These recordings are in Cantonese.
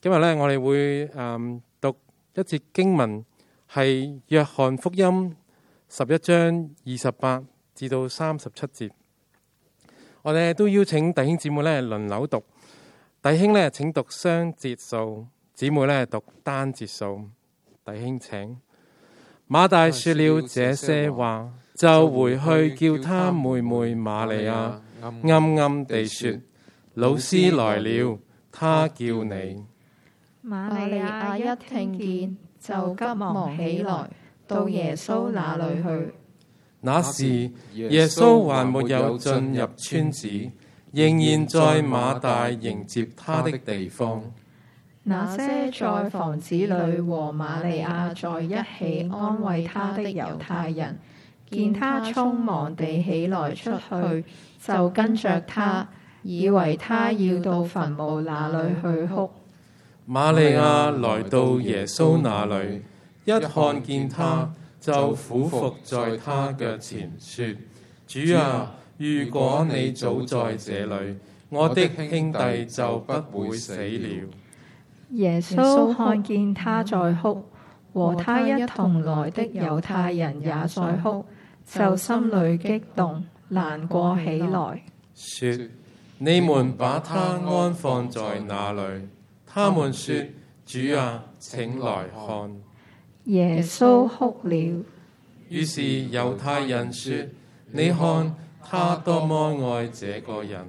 今日咧，我哋會誒讀一節經文，係約翰福音十一章二十八至到三十七節。我哋都邀請弟兄姊妹咧輪流讀，弟兄咧請讀雙節數，姊妹咧讀單節數。弟兄請。馬大說了這些話，就回去叫他妹妹瑪利亞，暗暗地說：老師來了，他叫你。瑪利亞一聽見，就急忙起來，到耶穌那裏去。那時，耶穌還沒有進入村子，仍然在馬大迎接他的地方。那些在房子裏和瑪利亞在一起安慰他的猶太人，見他匆忙地起來出去，就跟着他，以為他要到墳墓那裏去哭。瑪利亞來到耶穌那裏，一看見他，就俯伏在他腳前説：主啊，如果你早在這裏，我的兄弟就不會死了。耶穌看見他在哭，和他一同來的猶太人也在哭，就心裏激動難過起來，説：你們把他安放在哪裏？他們說：主啊，請來看。耶穌哭了。於是猶太人說：你看他多麼愛這個人。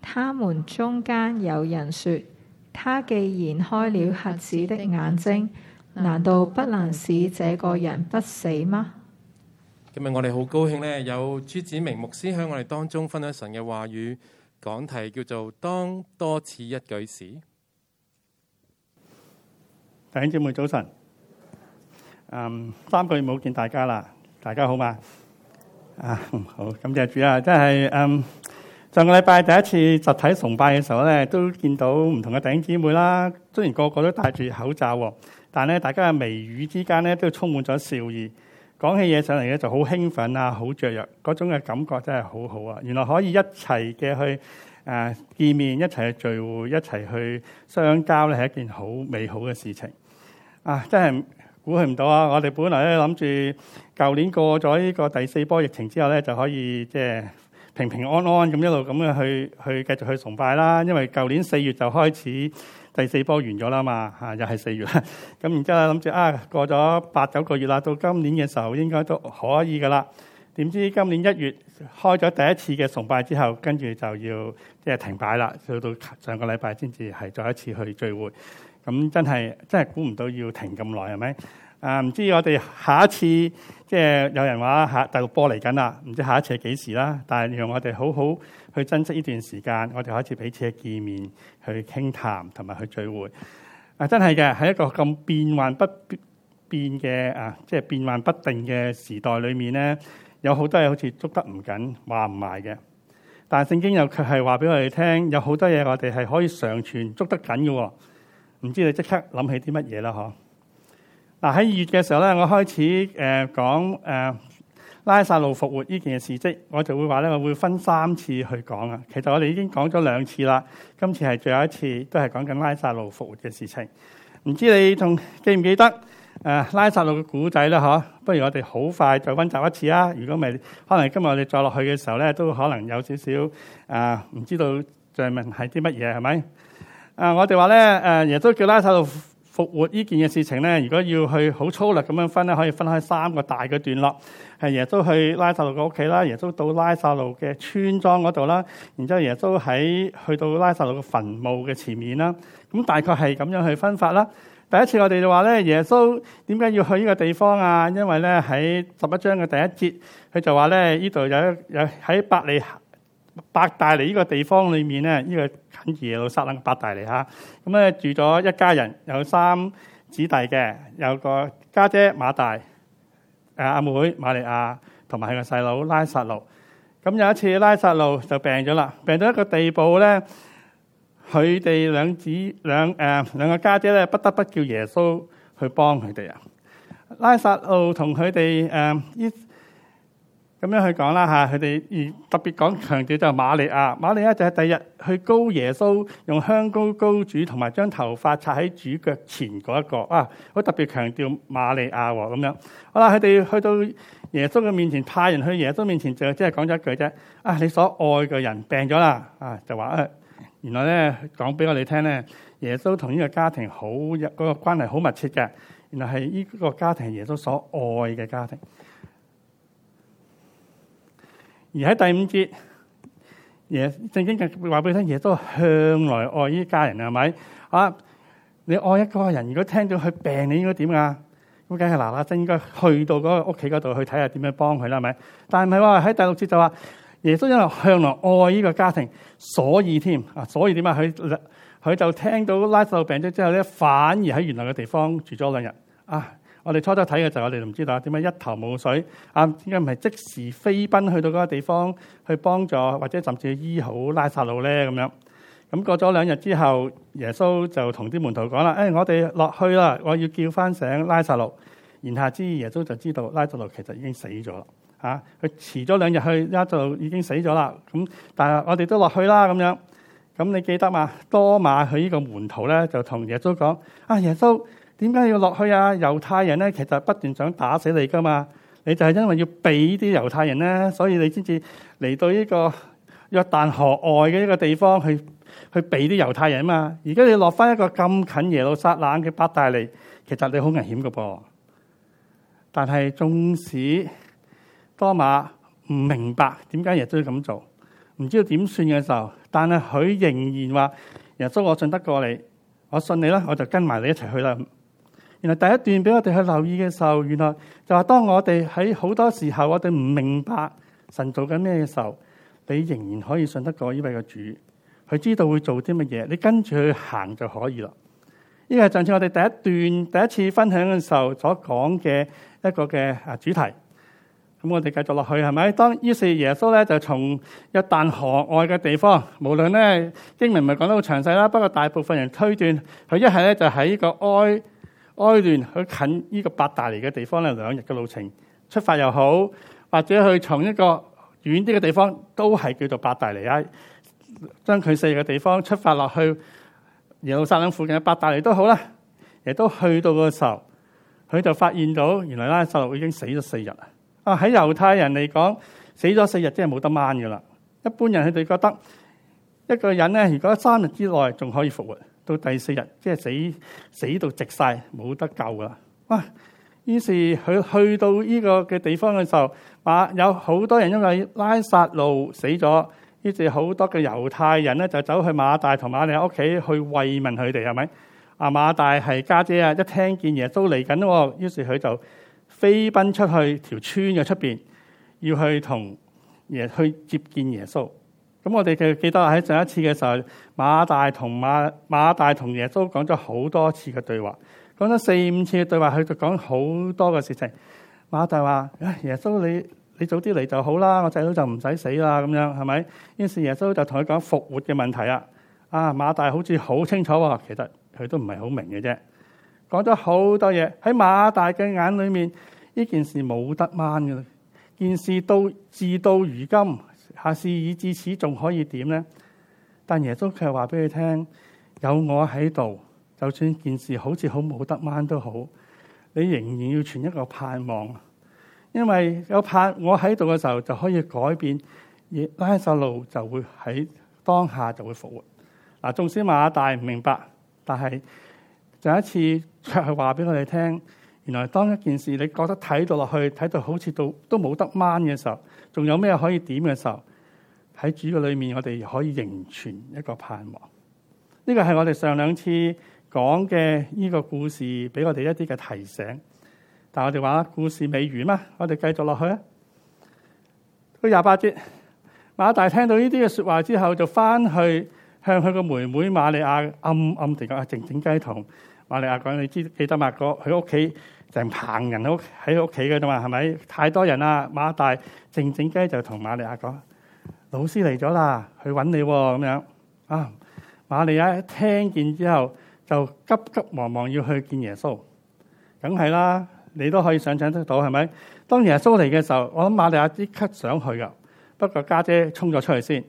他們中間有人說：他既然開了瞎子的眼睛，難道不能使這個人不死嗎？今日我哋好高興呢，有朱子明牧師喺我哋當中分享神嘅話語，講題叫做《當多此一舉時》。弟兄姊妹早晨，嗯，三個月冇見大家啦，大家好嗎？啊，好，感謝主啊！真係，嗯，上個禮拜第一次集體崇拜嘅時候咧，都見到唔同嘅弟兄姊妹啦。雖然個個都戴住口罩，但係咧大家嘅眉宇之間咧都充滿咗笑意，講起嘢上嚟咧就好興奮啊，好雀躍，嗰種嘅感覺真係好好啊！原來可以一齊嘅去誒見面，一齊去聚會，一齊去相交咧，係一件好美好嘅事情。啊！真係估佢唔到啊！我哋本來咧諗住舊年過咗呢個第四波疫情之後咧，就可以即係平平安安咁一路咁樣去去繼續去崇拜啦。因為舊年四月就開始第四波完咗啦嘛，啊、又係四月。咁然之後諗住啊，過咗八九個月啦，到今年嘅時候應該都可以噶啦。點知今年一月開咗第一次嘅崇拜之後，跟住就要即係停擺啦。去到上個禮拜先至係再一次去聚會。咁真係真係估唔到要停咁耐，係咪？啊，唔知我哋下一次即係有人話下大陸波嚟緊啦，唔知下一次係幾時啦。但係讓我哋好好去珍惜呢段時間，我哋開始彼此嘅見面、去傾談同埋去聚會。啊，真係嘅，喺一個咁變幻不變嘅啊，即係變幻不定嘅時代裏面咧，有好多嘢好似捉得唔緊話唔埋嘅。但係聖經又卻係話俾我哋聽，有好多嘢我哋係可以常存捉得緊嘅喎。唔知你即刻諗起啲乜嘢啦？嗬！嗱喺二月嘅時候咧，我開始誒講誒拉撒路復活呢件事蹟，我就會話咧，我會分三次去講啊。其實我哋已經講咗兩次啦，今次係最後一次，都係講緊拉撒路復活嘅事情。唔知你仲記唔記得誒拉撒路嘅古仔啦。嗬！不如我哋好快再溫習一次啦。如果咪可能今日我哋再落去嘅時候咧，都可能有少少啊，唔知道再問係啲乜嘢係咪？啊！我哋話咧，誒，耶穌叫拉撒路復活呢件嘅事情咧，如果要去好粗略咁樣分咧，可以分開三個大嘅段落。係耶穌去拉撒路嘅屋企啦，耶穌到拉撒路嘅村莊嗰度啦，然之後耶穌喺去到拉撒路嘅墳墓嘅前面啦。咁大概係咁樣去分法啦。第一次我哋就話咧，耶穌點解要去呢個地方啊？因為咧喺十一章嘅第一節，佢就話咧，呢度有有喺伯利。伯大尼呢個地方裏面咧，呢、這個近耶路撒冷嘅伯大尼下，咁咧住咗一家人，有三子弟嘅，有個家姐馬大，誒阿妹瑪利亞，同埋佢個細佬拉撒路。咁有一次拉撒路就病咗啦，病到一個地步咧，佢哋兩子兩、呃、兩個家姐咧，不得不叫耶穌去幫佢哋啊。拉撒路同佢哋咁樣去講啦吓，佢哋而特別講強調就係瑪利亞，瑪利亞就係第日去膏耶穌，用香膏膏主，同埋將頭髮插喺主腳前嗰一個啊，好特別強調瑪利亞咁樣。好啦，佢哋去到耶穌嘅面前，派人去耶穌面前就即係講咗一句啫，啊，你所愛嘅人病咗啦，啊就話啊，原來咧講俾我哋聽咧，耶穌同呢個家庭好嗰個關係好密切嘅，原來係呢個家庭耶穌所愛嘅家庭。而喺第五節，耶正經嘅話俾你聽，耶穌向來愛依家人，係咪啊？你愛一個人，如果聽到佢病，你應該點噶？咁梗係嗱嗱真應該去到嗰個屋企嗰度去睇下點樣幫佢啦，係咪？但唔係話喺第六節就話耶穌因為向來愛呢個家庭，所以添啊，所以點啊？佢佢就聽到拉撒路病咗之後咧，反而喺原來嘅地方住咗兩日啊。我哋初初睇嘅就係我哋唔知道點解，一頭霧水啊。點解唔係即時飛奔去到嗰個地方去幫助或者甚至醫好拉撒路咧咁樣？咁過咗兩日之後，耶穌就同啲門徒講啦：誒、哎，我哋落去啦，我要叫翻醒拉撒路。言下之意，耶穌就知道拉撒路其實已經死咗啦。嚇、啊，佢遲咗兩日去，拉撒路已經死咗啦。咁但係我哋都落去啦。咁樣咁你記得嘛？多馬去呢個門徒咧就同耶穌講：啊，耶穌。點解要落去啊？猶太人咧，其實不斷想打死你噶嘛。你就係因為要避啲猶太人咧，所以你先至嚟到呢個約旦河外嘅一個地方去去避啲猶太人啊嘛。而家你落翻一個咁近耶路撒冷嘅伯大尼，其實你好危險噶噃。但係縱使多馬唔明白點解耶穌要咁做，唔知道點算嘅時候，但係佢仍然話：耶穌，我信得過你，我信你啦，我就跟埋你一齊去啦。原來第一段俾我哋去留意嘅時候，原來就話當我哋喺好多時候，我哋唔明白神做緊咩嘅時候，你仍然可以信得過呢位嘅主，佢知道會做啲乜嘢，你跟住去行就可以啦。呢個係上次我哋第一段第一次分享嘅時候所講嘅一個嘅啊主題。咁我哋繼續落去係咪？當於是耶穌咧就從一旦河外嘅地方，無論咧經文唔係講得好詳細啦，不過大部分人推斷佢一係咧就喺個哀。哀聯佢近呢個伯大尼嘅地方咧，兩日嘅路程出發又好，或者去從一個遠啲嘅地方，都係叫做伯大尼啊。將佢四個地方出發落去，耶路撒冷附近嘅伯大尼都好啦，亦都去到嗰時候，佢就發現到，原來啦，就已經死咗四日啊！喺猶太人嚟講，死咗四日真係冇得掹噶啦。一般人佢哋覺得，一個人咧，如果喺三日之內仲可以復活。到第四日，即係死死到直晒，冇得救噶啦！哇！於是佢去，去到呢個嘅地方嘅時候，有好多人因為拉撒路死咗，於是好多嘅猶太人咧就走去馬大同馬利亞屋企去慰問佢哋，係咪？阿馬大係家姐啊，一聽見耶穌嚟緊喎，於是佢就飛奔出去條村嘅出邊，要去同耶去接見耶穌。咁我哋就記得喺上一次嘅時候，馬大同馬馬大同耶穌講咗好多次嘅對話，講咗四五次嘅對話，佢就講好多嘅事情。馬大話，唉，耶穌你，你早啲嚟就好啦，我仔女就唔使死啦，咁樣係咪？於是耶穌就同佢講復活嘅問題啊！啊，馬大好似好清楚喎，其實佢都唔係好明嘅啫。講咗好多嘢，喺馬大嘅眼裏面，呢件事冇得掹嘅，呢件事到至到如今。下事已至此，仲可以點咧？但耶穌卻係話俾你聽：有我喺度，就算件事好似好冇得掹都好，你仍然要存一個盼望。因為有盼，我喺度嘅時候就可以改變，而拉撒路就會喺當下就會復活。嗱，縱使馬大唔明白，但係就一次，卻係話俾我哋聽：原來當一件事你覺得睇到落去，睇到好似到都冇得掹嘅時候。仲有咩可以點嘅時候，喺主嘅裏面，我哋可以仍存一個盼望。呢個係我哋上兩次講嘅呢個故事，俾我哋一啲嘅提醒。但係我哋話故事未完咩？我哋繼續落去啊！到廿八節，馬大聽到呢啲嘅説話之後，就翻去向佢個妹妹瑪利亞暗暗地講啊，靜靜雞同瑪利亞講，你知記得阿哥喺屋企。成棚人都喺屋企噶啫嘛，係咪？太多人啦，馬大靜靜雞就同瑪利亞講：老師嚟咗啦，去揾你喎咁樣。啊，瑪利亞一聽見之後就急急忙忙要去見耶穌。梗係啦，你都可以想像得到，係咪？當耶穌嚟嘅時候，我諗瑪利亞即刻想去噶，不過家姐，姐衝咗出去先。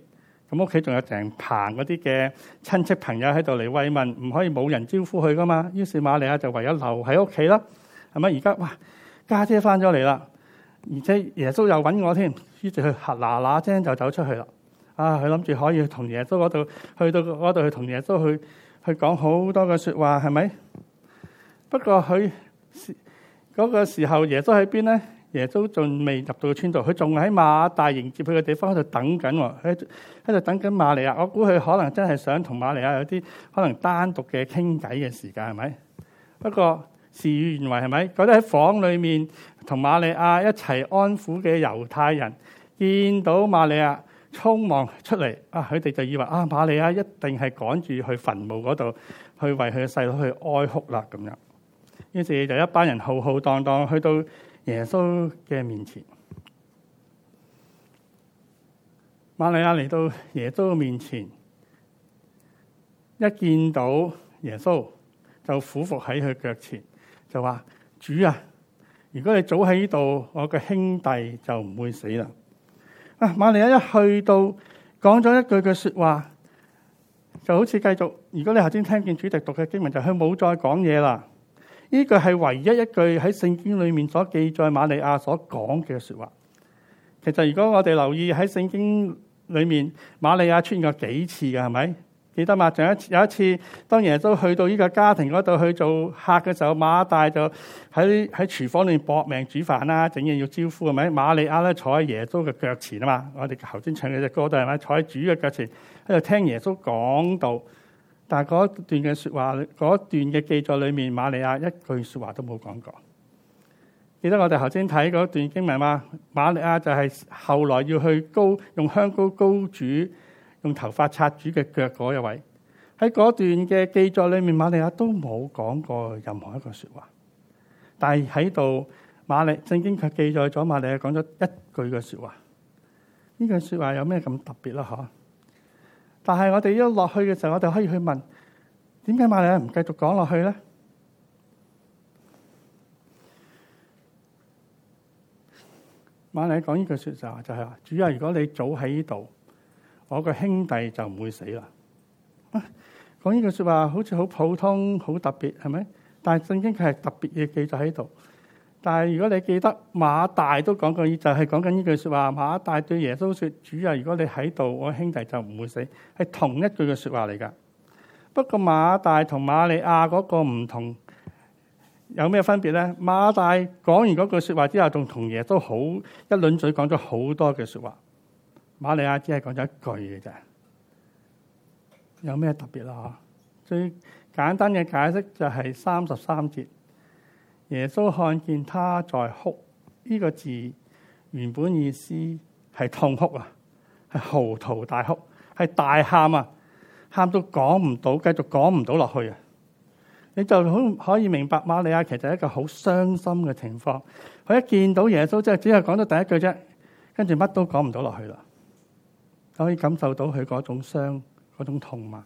咁屋企仲有成棚嗰啲嘅親戚朋友喺度嚟慰問，唔可以冇人招呼佢噶嘛。於是瑪利亞就唯有留喺屋企啦。咁啊！而家哇，家姐翻咗嚟啦，而且耶穌又揾我添，於是佢吓嗱嗱聲就走出去啦。啊，佢諗住可以同耶穌嗰度，去到嗰度去同耶穌去去講好多嘅說話，係咪？不過佢嗰個時候耶穌喺邊咧？耶穌仲未入到個村度，佢仲喺馬大迎接佢嘅地方喺度等緊，喺喺度等緊馬利亞。我估佢可能真係想同馬利亞有啲可能單獨嘅傾偈嘅時間，係咪？不過。事與願違係咪？覺得喺房裏面同瑪利亞一齊安撫嘅猶太人，見到瑪利亞匆忙出嚟，啊！佢哋就以為啊，瑪利亞一定係趕住去墳墓嗰度去為佢嘅細佬去哀哭啦咁樣。於是就一班人浩浩蕩蕩去到耶穌嘅面前。瑪利亞嚟到耶穌面前，一見到耶穌就俯伏喺佢腳前。就話主啊，如果你早喺呢度，我嘅兄弟就唔會死啦。啊，馬利亞一去到，講咗一句句說話，就好似繼續。如果你頭先聽見主席讀嘅經文，就佢、是、冇再講嘢啦。呢句係唯一一句喺聖經裏面所記載馬利亞所講嘅說話。其實如果我哋留意喺聖經裏面，馬利亞出現過幾次嘅，係咪？記得嘛？仲有有一次，當耶穌去到呢個家庭嗰度去做客嘅時候，馬大就喺喺廚房裏面搏命煮飯啦，整嘢要招呼係咪？瑪利亞咧坐喺耶穌嘅腳前啊嘛，我哋頭先唱嘅隻歌都係咪？坐喺主嘅腳前喺度聽耶穌講道，但係嗰段嘅說話，嗰段嘅記載裏面，瑪利亞一句說話都冇講過。記得我哋頭先睇嗰段經文嘛？瑪利亞就係後來要去高用香膏高煮。用頭髮擦住嘅腳嗰一位，喺嗰段嘅記載裏面，瑪利亞都冇講過任何一個說話。但係喺度，瑪利亞，聖經卻記載咗瑪利亞講咗一句嘅說話。呢句說話有咩咁特別咧？嗬？但係我哋一落去嘅時候，我哋可以去問，點解瑪利亞唔繼續講落去咧？瑪利亞講呢句說話就係話，主啊，如果你早喺呢度，我個兄弟就唔會死啦。講呢句說話好似好普通、好特別，係咪？但係聖經佢係特別嘅記載喺度。但係如果你記得馬大都講過，就係講緊呢句說話。馬大對耶穌說：主啊，如果你喺度，我兄弟就唔會死。係同一句嘅說話嚟噶。不過馬大同馬利亞嗰個唔同，有咩分別咧？馬大講完嗰句說話之後，仲同耶穌好一輪嘴，講咗好多嘅說話。瑪利亞只係講咗一句嘅啫，有咩特別啦？嗬，最簡單嘅解釋就係三十三節，耶穌看見他在哭，呢、這個字原本意思係痛哭啊，係嚎啕大哭，係大喊啊，喊到講唔到，繼續講唔到落去啊。你就好可以明白瑪利亞其實係一個好傷心嘅情況。佢一見到耶穌即係，只係講咗第一句啫，跟住乜都講唔到落去啦。可以感受到佢嗰種傷，嗰種痛啊。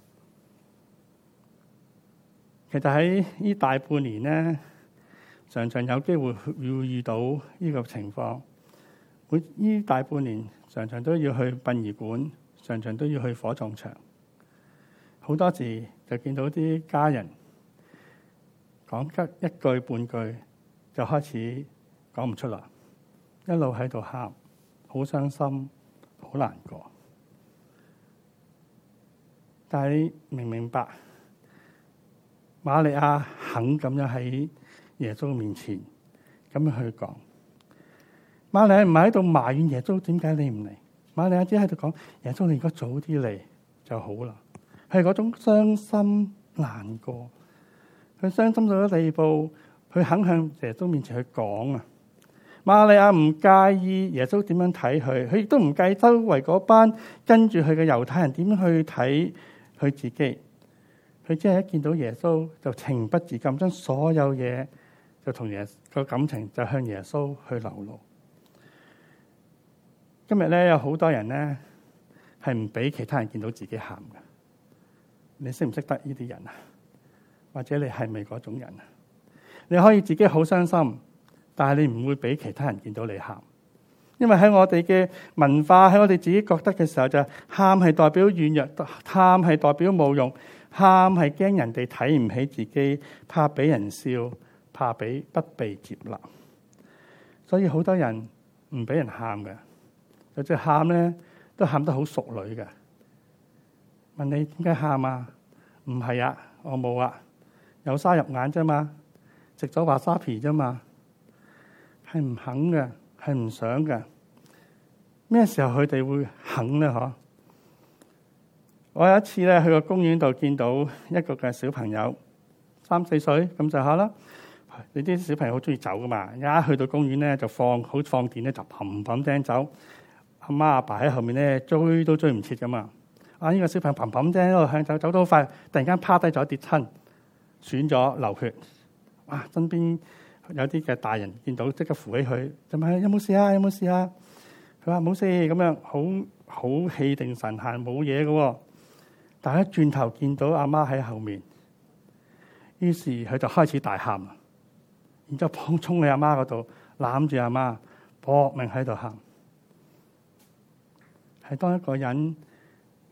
其實喺呢大半年咧，常常有機會會遇到呢個情況。會呢大半年常常都要去殯儀館，常常都要去火葬場。好多時就見到啲家人講得一句半句，就開始講唔出啦。一路喺度喊，好傷心，好難過。但係你明唔明白？瑪利亞肯咁樣喺耶穌面前咁樣去講，瑪利亞唔係喺度埋怨耶穌點解你唔嚟，瑪利亞只喺度講耶穌，你如果早啲嚟就好啦，係嗰種傷心難過，佢傷心到咗地步，佢肯向耶穌面前去講啊，瑪利亞唔介意耶穌點樣睇佢，佢亦都唔介意周圍嗰班跟住佢嘅猶太人點樣去睇。佢自己，佢即係一見到耶穌就情不自禁，將所有嘢就同耶穌個感情就向耶穌去流露。今日咧有好多人咧係唔俾其他人見到自己喊嘅。你識唔識得呢啲人啊？或者你係咪嗰種人啊？你可以自己好傷心，但係你唔會俾其他人見到你喊。因為喺我哋嘅文化，喺我哋自己覺得嘅時候，就是，就喊係代表軟弱，喊係代表冇用，喊係驚人哋睇唔起自己，怕俾人笑，怕俾不被接納。所以好多人唔俾人喊嘅，有只喊咧都喊得好淑女嘅。問你點解喊啊？唔係啊，我冇啊，有沙入眼啫嘛，食咗滑沙皮啫嘛，係唔肯嘅。係唔想噶？咩時候佢哋會肯咧？嗬！我有一次咧去個公園度見到一個嘅小朋友，三四歲咁就下啦。你啲小朋友好中意走噶嘛？一去到公園咧就放好放電咧就冚冚聲走。阿媽阿爸喺後面咧追都追唔切噶嘛？啊！呢、這個小朋友冚冚聲喺度向走，走得好快，突然間趴低咗跌親，損咗流血。啊，身邊～有啲嘅大人見到即刻扶起佢，就問：有冇事啊？有冇事啊？佢話冇事，咁樣好好氣定神閒，冇嘢嘅。但係一轉頭見到阿媽喺後面，於是佢就開始大喊，然之後衝衝去阿媽度攬住阿媽，搏命喺度喊。係當一個人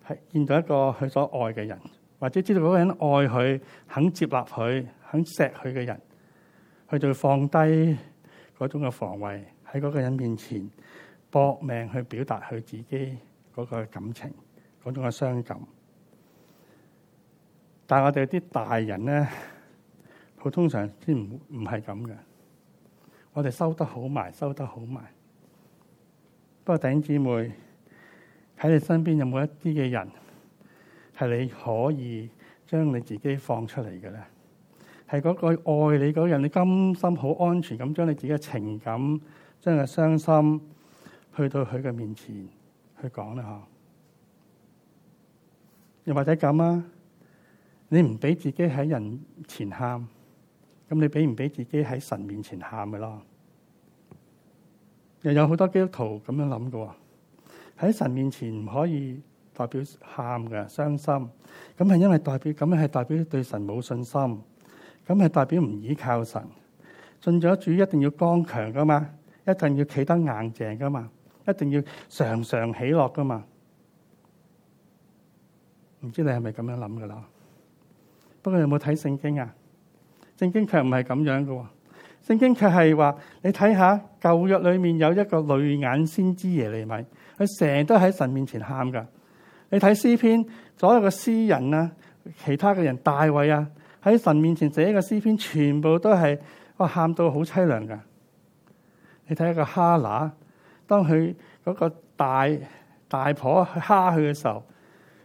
係見到一個佢所愛嘅人，或者知道嗰個人愛佢、肯接納佢、肯錫佢嘅人。佢就放低嗰種嘅防衛，喺嗰個人面前搏命去表達佢自己嗰個感情，嗰種嘅傷感。但係我哋啲大人咧，普通上先唔唔係咁嘅。我哋收得好埋，收得好埋。不過頂姊妹喺你身邊有冇一啲嘅人係你可以將你自己放出嚟嘅咧？係嗰愛你嗰人，你甘心好安全咁將你自己嘅情感，將你嘅傷心去到佢嘅面前去講咧。嗬，又或者咁啊，你唔俾自己喺人前喊，咁你俾唔俾自己喺神面前喊噶囉。又有好多基督徒咁樣諗嘅喎。喺神面前唔可以代表喊嘅傷心，咁係因為代表咁樣係代表對神冇信心。咁係代表唔依靠神，信咗主一定要剛強噶嘛，一定要企得硬淨噶嘛，一定要常常喜樂噶嘛。唔知你係咪咁樣諗噶啦？不過有冇睇聖經啊？聖經卻唔係咁樣噶，聖經卻係話你睇下舊約裏面有一個淚眼先知耶利米，佢成日都喺神面前喊噶。你睇詩篇，所有嘅詩人啊，其他嘅人大衛啊。喺神面前寫一個詩篇，全部都係哇喊到好凄涼㗎。你睇下個哈拿，當佢嗰個大大婆去蝦佢嘅時候，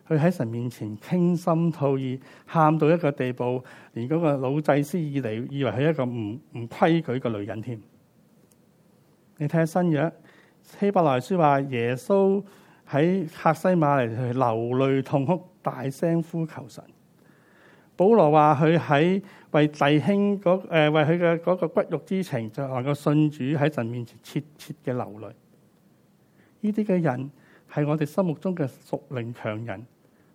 佢喺神面前傾心吐意，喊到一個地步，連嗰個老祭司以利以為係一個唔唔規矩嘅女人添。你睇下新約希伯來書話，耶穌喺客西馬尼流淚痛哭，大聲呼求神。保羅話佢喺為弟兄誒，為佢嘅個骨肉之情，就能夠信主喺神面前切切嘅流淚。呢啲嘅人係我哋心目中嘅屬靈強人，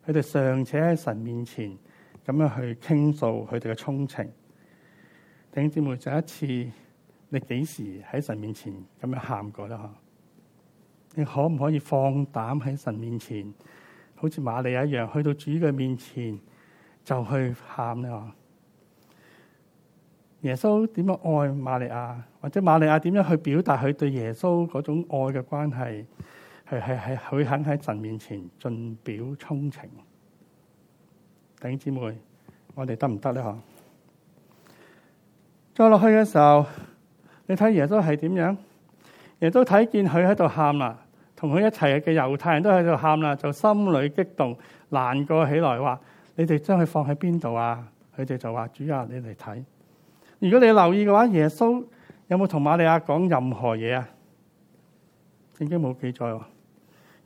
佢哋尚且喺神面前咁樣去傾訴佢哋嘅衷情。弟兄姊妹，就一次，你幾時喺神面前咁樣喊過啦？吓，你可唔可以放膽喺神面前，好似瑪利亞一樣，去到主嘅面前？就去喊咧！啊，耶穌點樣愛瑪利亞，或者瑪利亞點樣去表達佢對耶穌嗰種愛嘅關係？係係係佢肯喺神面前盡表衷情。弟兄姊妹，我哋得唔得呢？啊，再落去嘅時候，你睇耶穌係點樣？耶穌睇見佢喺度喊啦，同佢一齊嘅猶太人都喺度喊啦，就心裏激動難過起來，話。你哋將佢放喺邊度啊？佢哋就話：主啊，你嚟睇。如果你留意嘅話，耶穌有冇同瑪利亞講任何嘢啊？聖經冇記載喎。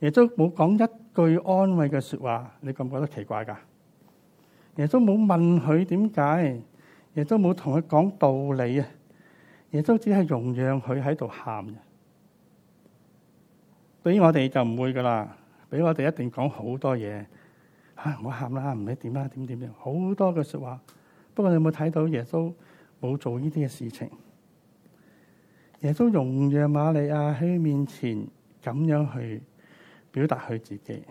耶穌冇講一句安慰嘅說話，你覺唔覺得奇怪噶？耶穌冇問佢點解，耶穌冇同佢講道理啊。耶穌只係容讓佢喺度喊。對於我哋就唔會噶啦，俾我哋一定講好多嘢。唉，唔好喊啦，唔理點啦，點點點，好多嘅說話。不過你有冇睇到耶穌冇做呢啲嘅事情？耶穌容讓瑪利亞喺面前咁樣去表達佢自己。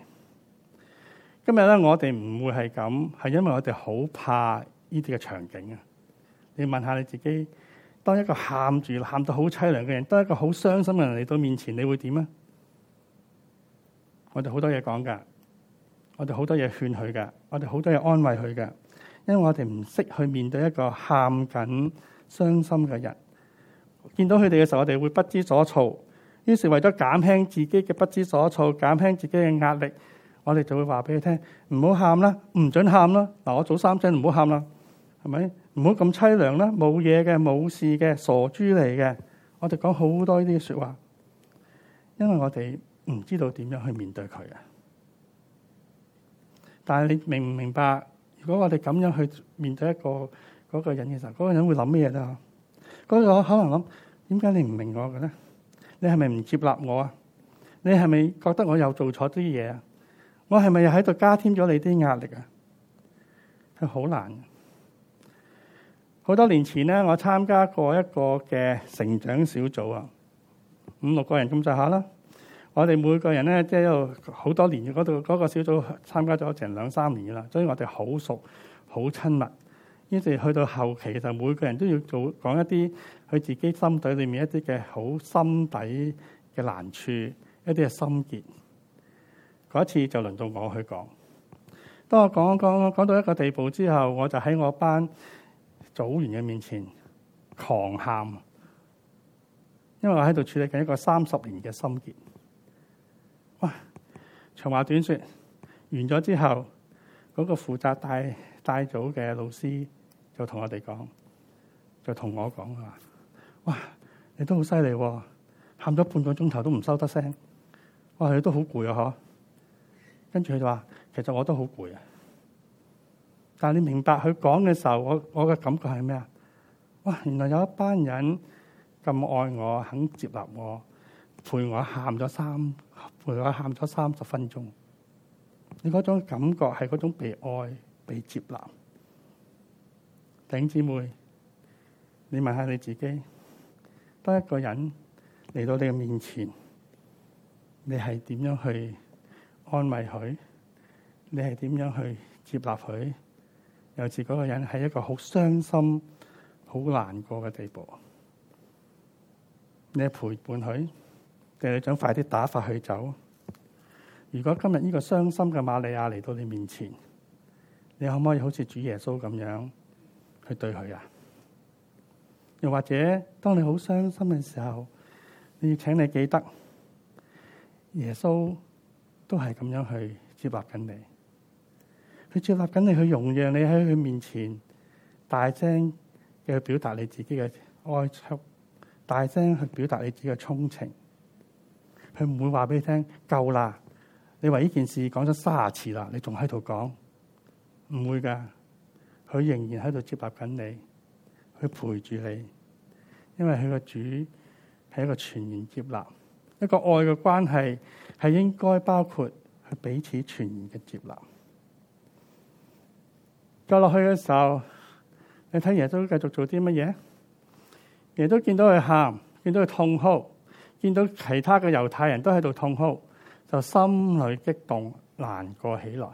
今日咧，我哋唔會係咁，係因為我哋好怕呢啲嘅場景啊！你問下你自己，當一個喊住、喊到好淒涼嘅人，當一個好傷心嘅人嚟到面前，你會點啊？我哋好多嘢講噶。我哋好多嘢勸佢嘅，我哋好多嘢安慰佢嘅，因為我哋唔識去面對一個喊緊、傷心嘅人。見到佢哋嘅時候，我哋會不知所措。於是為咗減輕自己嘅不知所措、減輕自己嘅壓力，我哋就會話俾佢聽：唔好喊啦，唔准喊啦。嗱，我做三聲就唔好喊啦，係咪？唔好咁淒涼啦，冇嘢嘅，冇事嘅，傻豬嚟嘅。我哋講好多呢啲說話，因為我哋唔知道點樣去面對佢啊。但係你明唔明白？如果我哋咁樣去面對一個嗰個人嘅時候，嗰個人會諗咩嘢咧？嗰個可能諗：點解你唔明我嘅咧？你係咪唔接納我啊？你係咪覺得我又做錯啲嘢啊？我係咪又喺度加添咗你啲壓力啊？係好難的。好多年前咧，我參加過一個嘅成長小組啊，五六個人咁就下啦。我哋每個人咧，即係好多年嗰度嗰個小組參加咗成兩三年啦，所以我哋好熟好親密。於是去到後期就每個人都要做講一啲佢自己心底裏面一啲嘅好心底嘅難處，一啲嘅心結。嗰一次就輪到我去講。當我講講到一個地步之後，我就喺我班組員嘅面前狂喊，因為我喺度處理緊一個三十年嘅心結。長話短說，完咗之後，嗰個負責帶帶組嘅老師就同我哋講，就同我講啊，哇！你都好犀利，喊咗半個鐘頭都唔收得聲，哇！你都好攰啊，嗬？跟住佢就話，其實我都好攰啊。但係你明白佢講嘅時候，我我嘅感覺係咩啊？哇！原來有一班人咁愛我，肯接納我，陪我喊咗三。陪我喊咗三十分鐘，你嗰種感覺係嗰種被愛、被接納。頂姊妹，你問下你自己，當一個人嚟到你嘅面前，你係點樣去安慰佢？你係點樣去接納佢？尤其嗰個人係一個好傷心、好難過嘅地步，你陪伴佢，你想快啲打發佢走？如果今日呢個傷心嘅瑪利亞嚟到你面前，你可唔可以好似主耶穌咁樣去對佢啊？又或者當你好傷心嘅時候，你要請你記得耶穌都係咁樣去接納緊你，佢接納緊你去容讓你喺佢面前大聲嘅表達你自己嘅哀曲，大聲去表達你自己嘅衷情。佢唔會話俾你聽夠啦，你為呢件事講咗卅次啦，你仲喺度講，唔會噶，佢仍然喺度接納緊你，佢陪住你，因為佢個主係一個全然接納，一個愛嘅關係係應該包括佢彼此全然嘅接納。再落去嘅時候，你睇耶穌繼續做啲乜嘢？耶穌見到佢喊，見到佢痛哭。見到其他嘅猶太人都喺度痛哭，就心裏激動難過起來。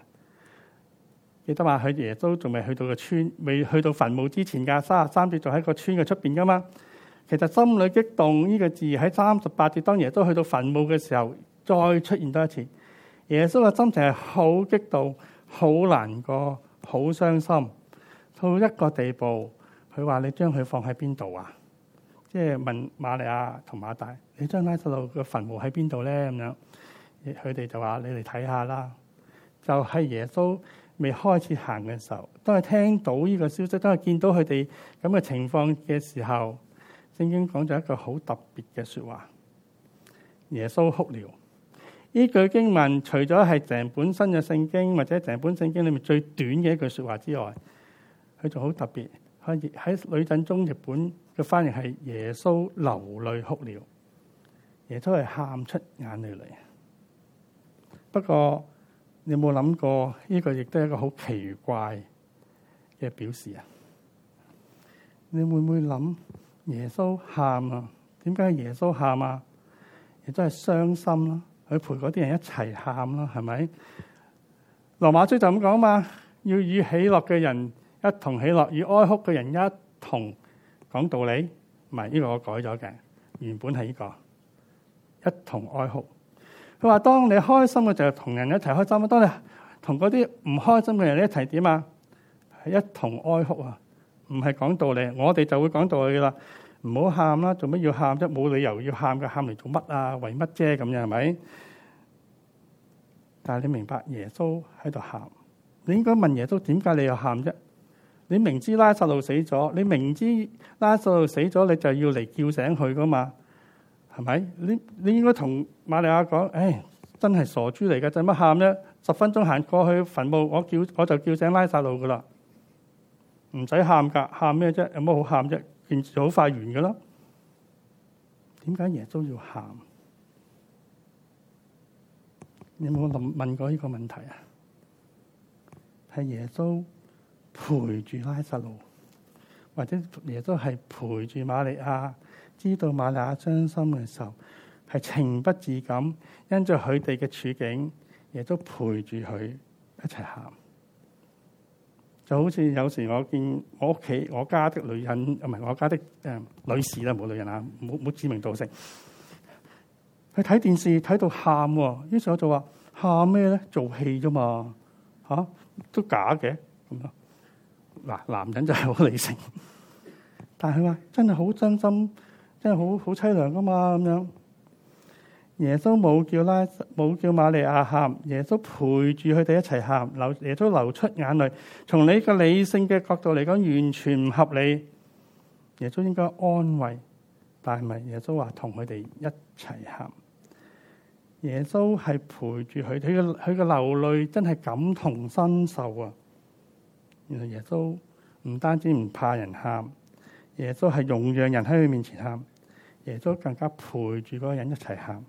記得話佢耶穌仲未去到個村，未去到墳墓之前噶，三十三節就喺個村嘅出邊噶嘛。其實心裏激動呢個字喺三十八節，當耶穌去到墳墓嘅時候，再出現多一次。耶穌嘅心情係好激動、好難過、好傷心，到一個地步，佢話你將佢放喺邊度啊？即係問瑪利亞同馬大，你將拉撒路嘅墳墓喺邊度咧？咁樣，佢哋就話：你嚟睇下啦。就喺、是、耶穌未開始行嘅時候，當係聽到呢個消息，當係見到佢哋咁嘅情況嘅時候，聖經講咗一個好特別嘅說話。耶穌哭了。呢句經文除咗係整本新嘅聖經或者整本聖經裏面最短嘅一句說話之外，佢仲好特別。喺喺呂振中譯本。反而係耶穌流淚哭了，耶穌係喊出眼淚嚟。不過你有冇諗過？呢個亦都係一個好奇怪嘅表示啊！你會唔會諗耶穌喊啊？點解耶穌喊啊？亦都係傷心啦，佢陪嗰啲人一齊喊啦，係咪？羅馬書就咁講嘛，要與喜樂嘅人一同喜樂，與哀哭嘅人一同。講道理，唔係呢個我改咗嘅，原本係呢個一同哀哭。佢話當你開心嘅就同人一齊開心，咁當你同嗰啲唔開心嘅人一齊點啊？係一同哀哭啊！唔係講道理，我哋就會講道理噶啦。唔好喊啦，做乜要喊啫？冇理由要喊噶，喊嚟做乜啊？為乜啫？咁樣係咪？但係你明白耶穌喺度喊，你應該問耶穌點解你又喊啫？你明知拉撒路死咗，你明知拉撒路死咗，你就要嚟叫醒佢噶嘛？係咪？你你應該同馬利亞講：誒、哎，真係傻豬嚟嘅，做乜喊啫？十分鐘行過去墳墓，我叫我就叫醒拉撒路噶啦，唔使喊噶，喊咩啫？有乜好喊啫？件事好快完噶啦。點解耶穌要喊？你有冇問過呢個問題啊？係耶穌。陪住拉撒路，或者亦都係陪住瑪利亞，知道瑪利亞傷心嘅時候，係情不自禁，因着佢哋嘅處境，亦都陪住佢一齊喊。就好似有時我見我屋企我家的女人，唔係我家的誒、呃、女士啦，冇女人啊，冇冇指名道姓。佢睇電視睇到喊喎，於是我就話：喊咩咧？做戲啫嘛，嚇、啊、都假嘅咁啊！嗱，男人就係好理性，但係佢話真係好真心，真係好好淒涼噶嘛咁樣。耶穌冇叫拉冇叫瑪利亞喊，耶穌陪住佢哋一齊喊，流耶穌流出眼淚。從你個理性嘅角度嚟講，完全唔合理。耶穌應該安慰，但係咪耶穌話同佢哋一齊喊？耶穌係陪住佢哋，佢個佢嘅流淚真係感同身受啊！原來耶穌唔單止唔怕人喊，耶穌係容讓人喺佢面前喊，耶穌更加陪住嗰個人一齊喊，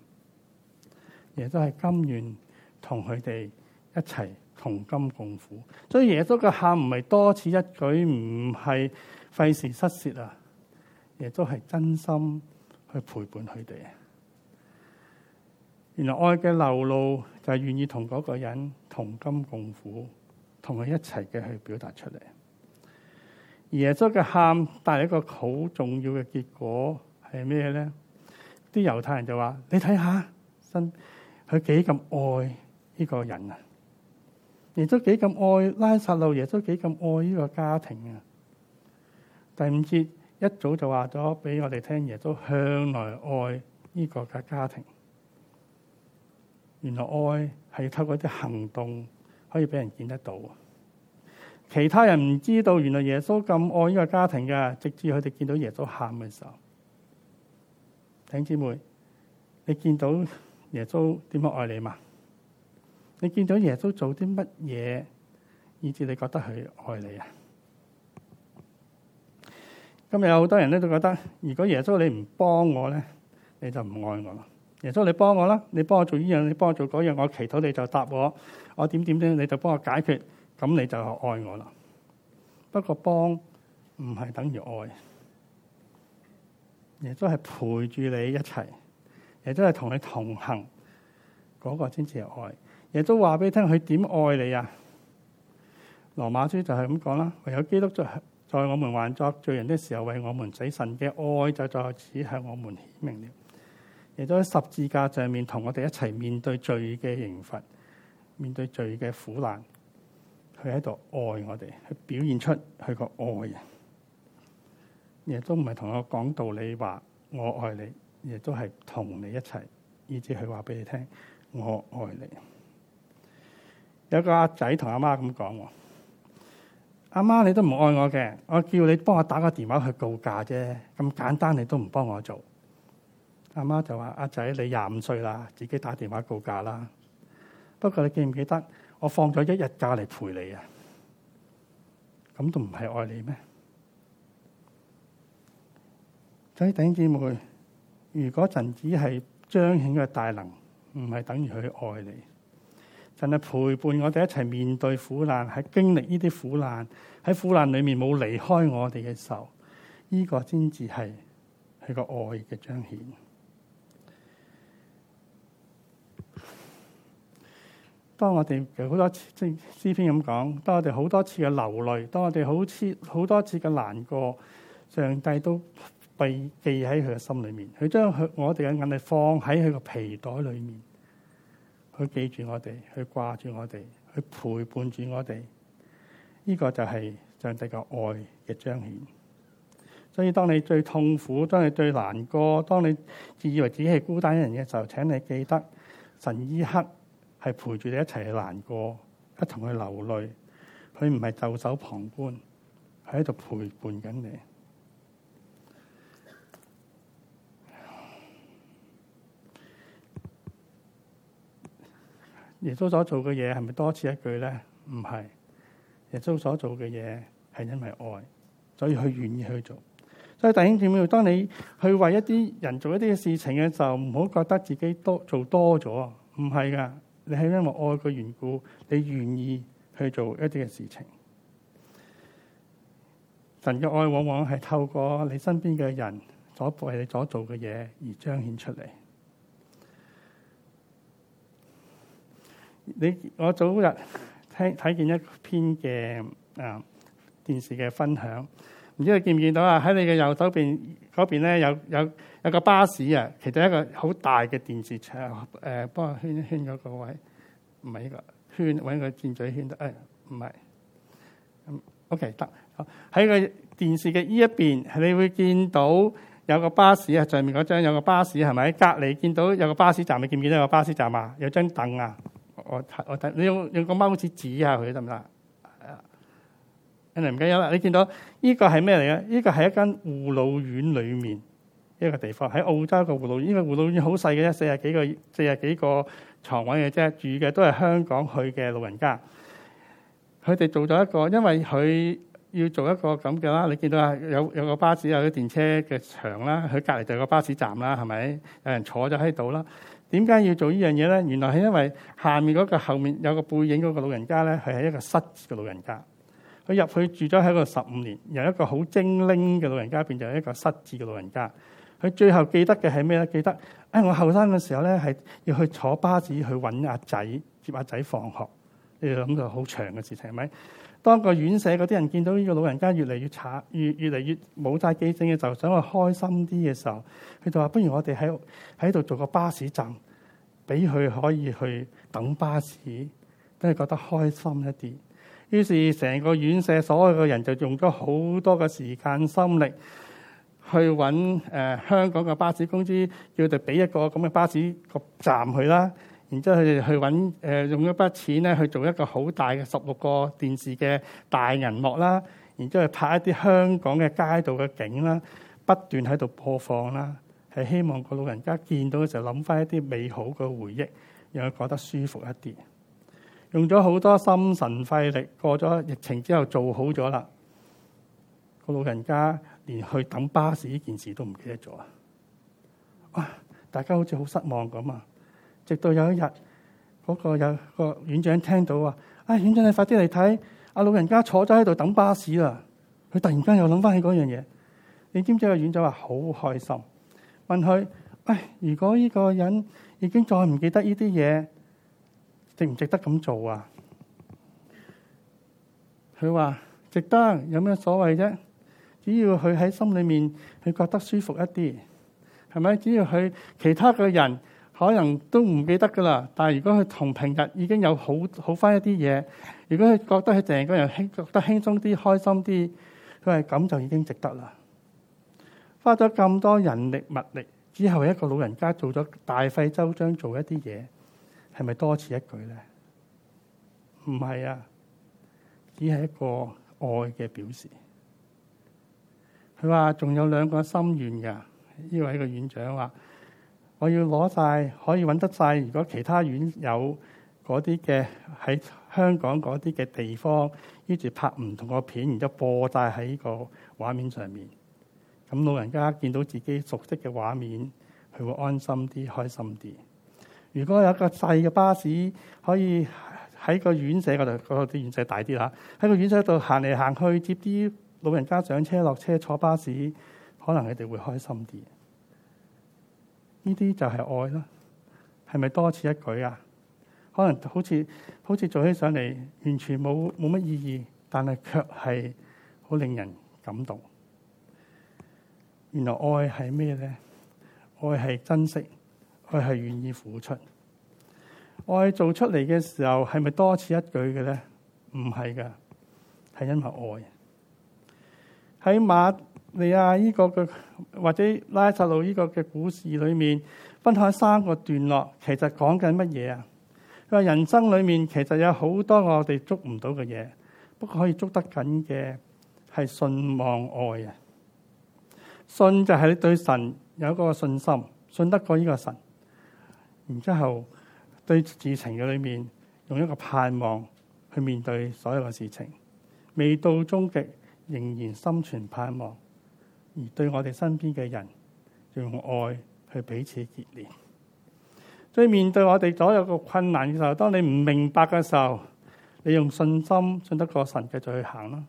耶穌係甘願跟他們一起同佢哋一齊同甘共苦。所以耶穌嘅喊唔係多此一舉，唔係費時失事啊！耶穌係真心去陪伴佢哋。原來愛嘅流露就係願意同嗰個人同甘共苦。同佢一齊嘅去表達出嚟。耶穌嘅喊帶嚟一個好重要嘅結果係咩咧？啲猶太人就話：你睇下，真佢幾咁愛呢個人啊！耶穌幾咁愛拉撒路，耶穌幾咁愛呢個家庭啊！第五節一早就話咗俾我哋聽，耶穌向來愛呢個嘅家家庭。原來愛係透過啲行動可以俾人見得到，其他人唔知道原來耶穌咁愛呢個家庭嘅，直至佢哋見到耶穌喊嘅時候，弟兄姊妹，你見到耶穌點樣愛你嘛？你見到耶穌做啲乜嘢，以至你覺得佢愛你啊？今日有好多人咧都覺得，如果耶穌你唔幫我咧，你就唔愛我啦。耶穌，你幫我啦，你幫我做呢樣，你幫我做嗰樣，我祈禱你就答我，我點點點，你就幫我解決，咁你就愛我啦。不過幫唔係等於愛，耶穌係陪住你一齊，耶穌係同你同行，嗰個先至係愛。耶穌話俾你聽佢點愛你啊？羅馬書就係咁講啦，唯有基督在在我們還作罪人的時候，為我們死，神的愛，神嘅愛就在此向我們顯明了。亦都喺十字架上面同我哋一齊面對罪嘅刑罰，面對罪嘅苦難，佢喺度愛我哋，去表現出佢個愛。亦都唔係同我講道理話我愛你，亦都係同你一齊，以至佢話俾你聽我愛你。有個阿仔同阿媽咁講：阿媽你都唔愛我嘅，我叫你幫我打個電話去告假啫，咁簡單你都唔幫我做。阿媽就話：阿仔，你廿五歲啦，自己打電話告假啦。不過你記唔記得我放咗一日假嚟陪你啊？咁都唔係愛你咩？所以弟兄姊妹，如果神只係彰顯佢大能，唔係等於佢愛你，就係陪伴我哋一齊面對苦難，喺經歷呢啲苦難，喺苦難裏面冇離開我哋嘅時候，呢個先至係佢個愛嘅彰顯。當我哋其實好多次，即詩篇咁講，當我哋好多次嘅流淚，當我哋好似好多次嘅難過，上帝都被記喺佢嘅心裏面。佢將我哋嘅眼淚放喺佢個皮袋裏面，佢記住我哋，佢掛住我哋，佢陪伴住我哋。呢個就係上帝嘅愛嘅彰顯。所以當你最痛苦，當你最難過，當你自以為自己係孤單一人嘅時候，請你記得神醫克係陪住你一齊去難過，一同去流淚，佢唔係袖手旁觀，喺度陪伴緊你。耶穌所做嘅嘢係咪多此一舉咧？唔係，耶穌所做嘅嘢係因為愛，所以佢願意去做。所以弟兄姊妹，當你去為一啲人做一啲嘅事情嘅時候，唔好覺得自己多做多咗，唔係噶。你係因為愛嘅緣故，你願意去做一啲嘅事情。神嘅愛往往係透過你身邊嘅人所為，你所做嘅嘢而彰顯出嚟。你我早日聽睇見一篇嘅啊電視嘅分享。唔知你見唔見到啊？喺你嘅右手邊嗰邊咧，有有有個巴士啊！其中一個好大嘅電視牆誒、呃，幫我圈圈嗰個位，唔係呢個圈揾，個箭嘴圈得誒，唔、哎、係。OK 得。喺、嗯、個、OK，電視嘅呢一邊，你會見到有個巴士啊！上面嗰張有個巴士係咪？隔離見到有個巴士站，你見唔見到有個巴士站啊？有張凳啊！我睇我睇，你用用個貓好似指一下佢得唔得？行不行？嚟唔緊要啦，你見到呢個係咩嚟嘅？呢個係一間護老院裏面一個地方，喺澳洲個護老院。因為護老院好細嘅啫，四十幾個四十幾個牀位嘅啫，住嘅都係香港去嘅老人家。佢哋做咗一個，因為佢要做一個咁嘅啦。你見到有有個巴士有啲電車嘅場啦，佢隔離就有個巴士站啦，係咪？有人坐咗喺度啦？點解要做呢樣嘢咧？原來係因為下面嗰個後面有個背影嗰個老人家咧，佢係一個失智嘅老人家。他是一個佢入去住咗喺個十五年，由一個好精靈嘅老人家變就係一個失智嘅老人家。佢最後記得嘅係咩咧？記得誒、哎，我後生嘅時候咧，係要去坐巴士去揾阿仔、接阿仔放學。你諗到好長嘅事情係咪？當個院舍嗰啲人見到呢個老人家越嚟越慘，越越嚟越冇曬記性嘅就想佢開心啲嘅時候，佢就話：不如我哋喺喺度做個巴士站，俾佢可以去等巴士，等佢覺得開心一啲。於是成個院舍所有嘅人就用咗好多嘅時間、心力去揾誒、呃、香港嘅巴士公司，要佢俾一個咁嘅巴士個站佢啦。然之後佢哋去揾、呃、用一筆錢咧去做一個好大嘅十六個電視嘅大銀幕啦。然之後去拍一啲香港嘅街道嘅景啦，不斷喺度播放啦，係希望個老人家見到嘅時候諗翻一啲美好嘅回憶，讓佢覺得舒服一啲。用咗好多心神費力，過咗疫情之後做好咗啦。個老人家連去等巴士呢件事都唔記得咗。哇！大家好似好失望咁啊！直到有一日，嗰個有個院長聽到話，唉，院長你快啲嚟睇！阿老人家坐咗喺度等巴士啊。」佢突然間又諗翻起嗰樣嘢。你知唔知個院長話好開心？問佢，唉，如果呢個人已經再唔記得呢啲嘢？值唔值得咁做啊？佢話值得，有咩所謂啫？只要佢喺心裏面佢覺得舒服一啲，係咪？只要佢其他嘅人可能都唔記得噶啦，但係如果佢同平日已經有好好翻一啲嘢，如果佢覺得佢成個人輕覺得輕鬆啲、開心啲，佢話咁就已經值得啦。花咗咁多人力物力之後，一個老人家做咗大費周章做一啲嘢。係咪多此一舉咧？唔係啊，只係一個愛嘅表示。佢話仲有兩個心願噶，呢位係一個院長話：我要攞晒可以揾得晒，如果其他院有嗰啲嘅喺香港嗰啲嘅地方，於住拍唔同個片，然之後播晒喺呢個畫面上面。咁老人家見到自己熟悉嘅畫面，佢會安心啲、開心啲。如果有一個細嘅巴士，可以喺個院舍嗰度，嗰個啲院舍大啲吓，喺個院舍度行嚟行去，接啲老人家上車落車坐巴士，可能佢哋會開心啲。呢啲就係愛啦，係咪多此一舉啊？可能好似好似做起上嚟完全冇冇乜意義，但係卻係好令人感動。原來愛係咩咧？愛係珍惜。佢係願意付出，愛做出嚟，嘅時候係咪多此一舉嘅咧？唔係噶，係因為愛。喺馬利亞呢個嘅或者拉撒路呢個嘅故事裏面，分享三個段落，其實講緊乜嘢？啊佢話人生裏面其實有好多我哋捉唔到嘅嘢，不過可以捉得緊嘅係信望愛啊。信就係你對神有個信心，信得過呢個神。然之後，對事情嘅裏面，用一個盼望去面對所有嘅事情，未到終極，仍然心存盼望，而對我哋身邊嘅人，用愛去彼此結連。所以面對我哋所有嘅困難嘅時候，當你唔明白嘅時候，你用信心信得過神，繼續去行啦。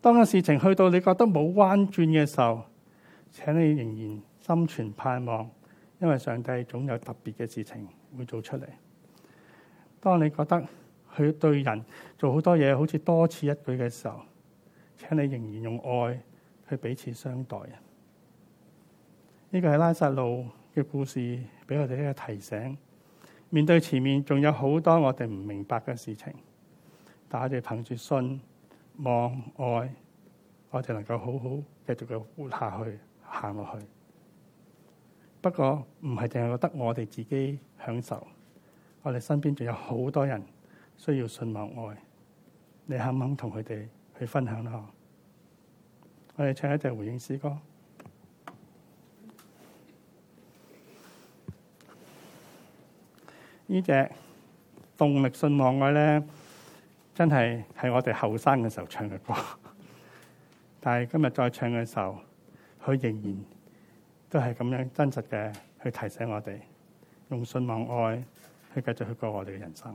當個事情去到你覺得冇彎轉嘅時候，請你仍然心存盼望。因為上帝總有特別嘅事情會做出嚟。當你覺得佢對人做好多嘢，好似多此一舉嘅時候，請你仍然用愛去彼此相待。呢、這個係拉撒路嘅故事，俾我哋一個提醒。面對前面仲有好多我哋唔明白嘅事情，但我哋憑住信、望、愛，我哋能夠好好繼續嘅活下去、行落去。不過唔係淨係覺得我哋自己享受，我哋身邊仲有好多人需要信望愛，你肯唔肯同佢哋去分享下？我哋唱一隻回應詩歌，呢隻 動力信望愛咧，真係係我哋後生嘅時候唱嘅歌，但係今日再唱嘅時候，佢仍然，都係咁樣真實嘅，去提醒我哋用信望愛去繼續去過我哋嘅人生。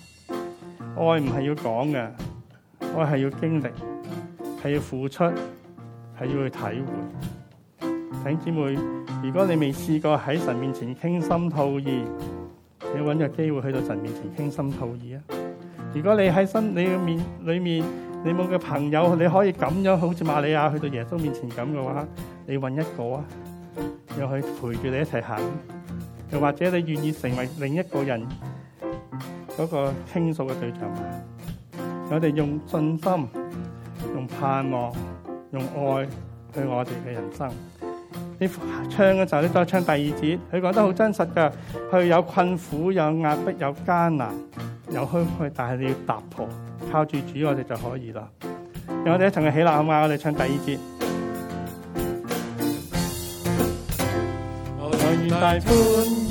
愛唔係要講嘅，愛係要經歷，係要付出，係要去體會。弟兄姊妹，如果你未試過喺神面前傾心吐意，你揾個機會去到神面前傾心吐意啊！如果你喺心你嘅面裏面，你冇嘅朋友，你可以咁樣好似瑪利亞去到耶穌面前咁嘅話，你揾一個啊，又去陪住你一齊行，又或者你願意成為另一個人。嗰個傾訴嘅對象，我哋用信心、用盼望、用愛對我哋嘅人生。你唱嘅時候，你再唱第二節，佢講得好真實㗎。佢有困苦，有壓迫，有艱難，有虛虛，但係你要突破，靠住主我哋就可以啦。我哋一齊起立好唔好？我哋唱第二節。來年大分。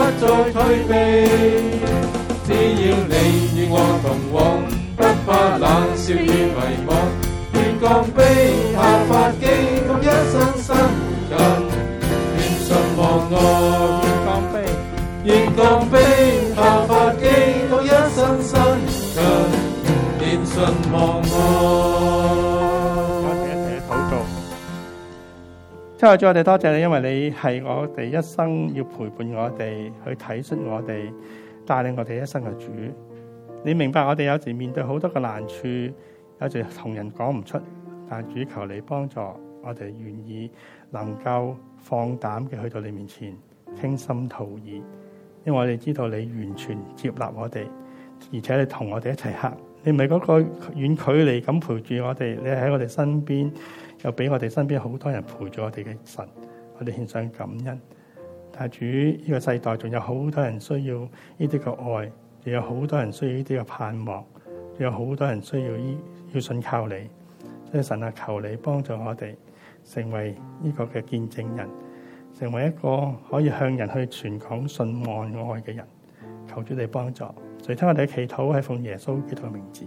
只要你與我同往，不怕冷笑與迷惘，別降悲。親愛的主，我哋多謝你，因為你係我哋一生要陪伴我哋去體恤我哋、帶領我哋一生嘅主。你明白我哋有時面對好多嘅難處，有時同人講唔出，但主求你幫助我哋，願意能夠放膽嘅去到你面前傾心吐意，因為我哋知道你完全接納我哋，而且你同我哋一齊行，你唔係嗰個遠距離咁陪住我哋，你係喺我哋身邊。又俾我哋身邊好多人陪住我哋嘅神，我哋獻上感恩。但係主，呢個世代仲有好多人需要呢啲嘅愛，仲有好多人需要呢啲嘅盼望，仲有好多人需要呢，要，要信靠你。所以神啊，求你幫助我哋成為呢個嘅見證人，成為一個可以向人去傳講信望愛嘅人。求主你幫助。垂聽我哋嘅祈禱，係奉耶穌基督嘅名字，